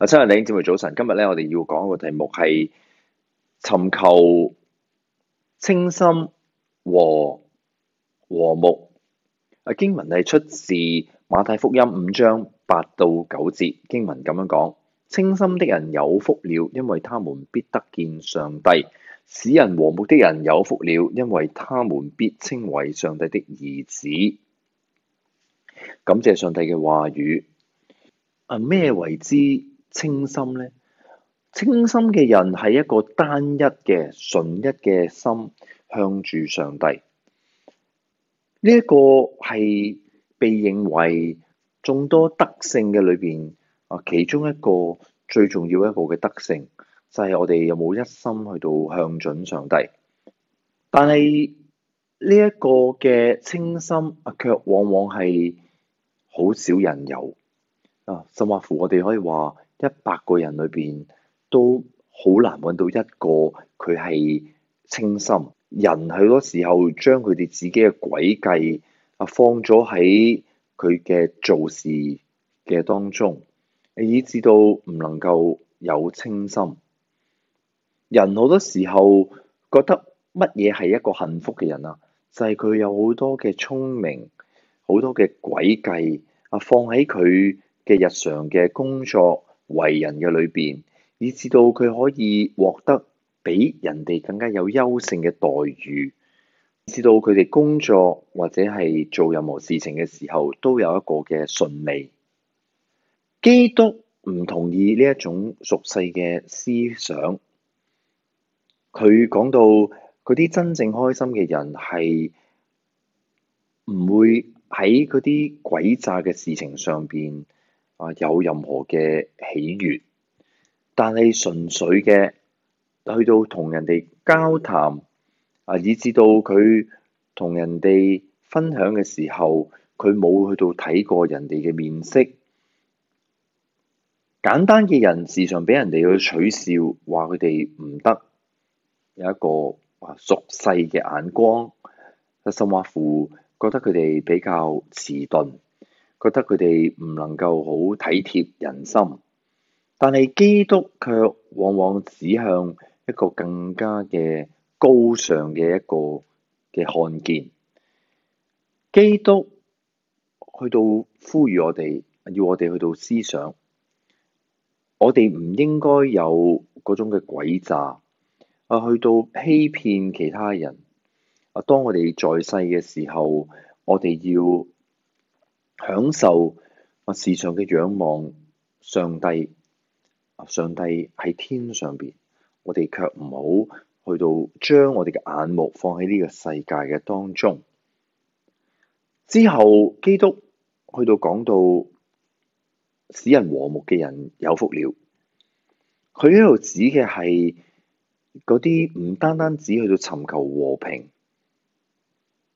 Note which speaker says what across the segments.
Speaker 1: 啊，親愛的姊妹早晨，今日咧，我哋要講一個題目係尋求清心和和睦。啊，經文係出自馬太福音五章八到九節，經文咁樣講：清心的人有福了，因為他們必得見上帝；使人和睦的人有福了，因為他們必稱為上帝的兒子。感謝上帝嘅話語。啊，咩為之？清心咧，清心嘅人係一個單一嘅、純一嘅心向住上帝。呢、這、一個係被認為眾多德性嘅裏邊啊，其中一個最重要一個嘅德性，就係、是、我哋有冇一心去到向準上帝。但係呢一個嘅清心啊，卻往往係好少人有啊，甚或乎我哋可以話。一百個人裏邊都好難揾到一個佢係清心人。好多時候將佢哋自己嘅詭計啊放咗喺佢嘅做事嘅當中，以致到唔能夠有清心人。好多時候覺得乜嘢係一個幸福嘅人啊？就係佢有好多嘅聰明，好多嘅詭計啊，放喺佢嘅日常嘅工作。為人嘅裏邊，以至到佢可以獲得比人哋更加有優勝嘅待遇，以至到佢哋工作或者係做任何事情嘅時候，都有一個嘅順利。基督唔同意呢一種俗世嘅思想，佢講到嗰啲真正開心嘅人係唔會喺嗰啲詭詐嘅事情上邊。啊！有任何嘅喜悅，但係純粹嘅去到同人哋交談，啊，以致到佢同人哋分享嘅時候，佢冇去到睇過人哋嘅面色。簡單嘅人時常俾人哋去取笑，話佢哋唔得，有一個啊俗世嘅眼光，甚或乎，覺得佢哋比較遲鈍。覺得佢哋唔能夠好體貼人心，但係基督卻往往指向一個更加嘅高尚嘅一個嘅看見。基督去到呼籲我哋，要我哋去到思想，我哋唔應該有嗰種嘅詭詐啊，去到欺騙其他人啊。當我哋在世嘅時候，我哋要。享受時常嘅仰望上帝，上帝喺天上邊，我哋卻唔好去到將我哋嘅眼目放喺呢個世界嘅當中。之後基督去到講到使人和睦嘅人有福了，佢喺度指嘅係嗰啲唔單單只去到尋求和平，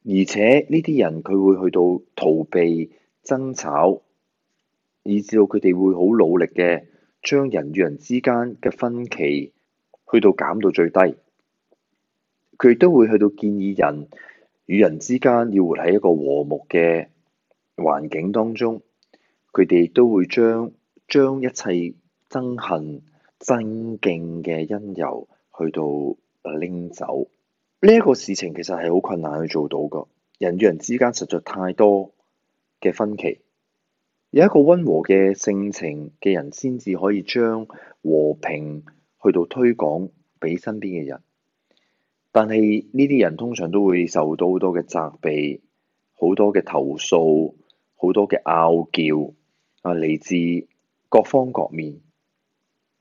Speaker 1: 而且呢啲人佢會去到逃避。爭吵，以至到佢哋會好努力嘅，將人與人之間嘅分歧去到減到最低。佢亦都會去到建議人與人之間要活喺一個和睦嘅環境當中。佢哋都會將將一切憎恨、憎敬嘅因由去到拎走。呢、這、一個事情其實係好困難去做到㗎。人與人之間實在太多，嘅分歧，有一個溫和嘅性情嘅人，先至可以將和平去到推廣俾身邊嘅人。但係呢啲人通常都會受到好多嘅責備，好多嘅投訴，好多嘅拗撬啊，嚟自各方各面。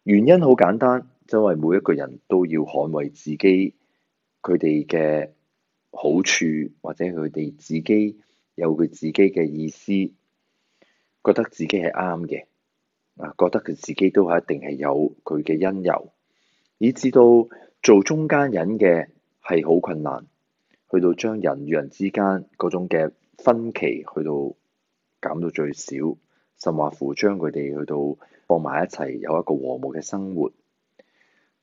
Speaker 1: 原因好簡單，就係每一個人都要捍衛自己佢哋嘅好處，或者佢哋自己。有佢自己嘅意思，覺得自己係啱嘅。啊，覺得佢自己都係一定係有佢嘅因由，以至到做中間人嘅係好困難，去到將人與人之間嗰種嘅分歧去到減到最少，甚至乎將佢哋去到放埋一齊有一個和睦嘅生活。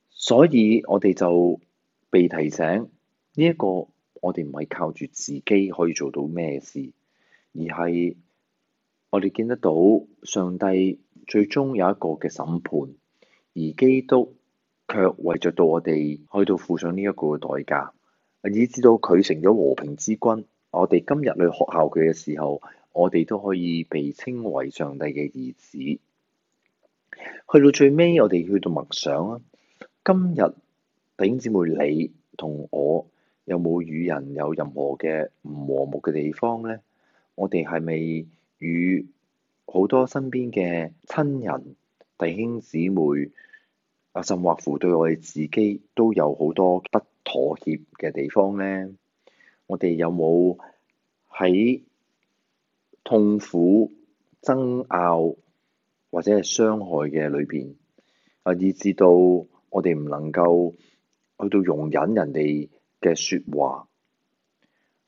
Speaker 1: 所以我哋就被提醒呢一個。我哋唔係靠住自己可以做到咩事，而係我哋見得到上帝最終有一個嘅審判，而基督卻為著到我哋去到付上呢一個嘅代價，以至到佢成咗和平之君。我哋今日去學校佢嘅時候，我哋都可以被稱為上帝嘅兒子。去到最尾，我哋去到默想啊，今日弟兄姊妹你同我。有冇與人有任何嘅唔和睦嘅地方呢？我哋係咪與好多身邊嘅親人、弟兄姊妹啊，甚至乎對我哋自己都有好多不妥協嘅地方呢？我哋有冇喺痛苦、爭拗或者係傷害嘅裏邊啊，以至到我哋唔能夠去到容忍人哋？嘅説話，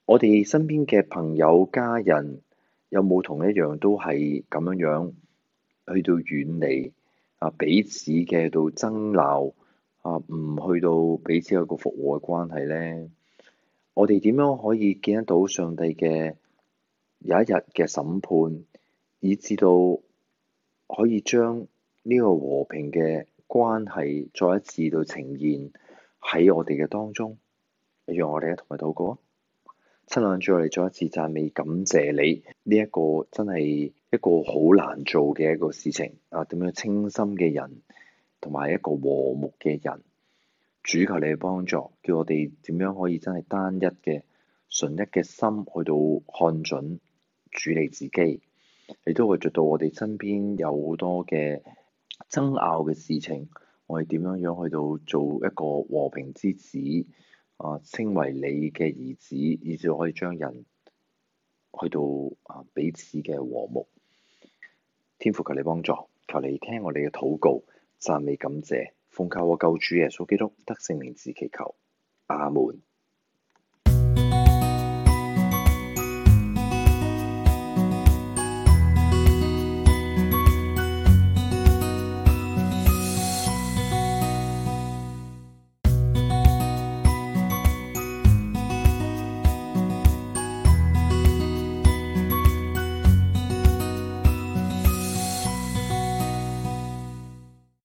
Speaker 1: 我哋身邊嘅朋友家人有冇同一樣都係咁樣樣去到遠離啊彼此嘅到爭鬧啊唔去到彼此有個復和嘅關係呢？我哋點樣可以見得到上帝嘅有一日嘅審判，以至到可以將呢個和平嘅關係再一次到呈現喺我哋嘅當中？讓我哋一同嚟禱告啊！親愛嘅主，我哋再一次讚美感謝你呢、這個、一個真係一個好難做嘅一個事情啊！點樣清心嘅人同埋一個和睦嘅人，主求你嘅幫助，叫我哋點樣可以真係單一嘅、純一嘅心去到看準主你自己。你都會做到我哋身邊有好多嘅爭拗嘅事情，我哋點樣樣去到做一個和平之子。啊，稱為你嘅兒子，以至可以將人去到啊彼此嘅和睦。天父求你幫助，求你聽我哋嘅禱告，讚美感謝，奉靠我救主耶穌基督得勝名字祈求，阿門。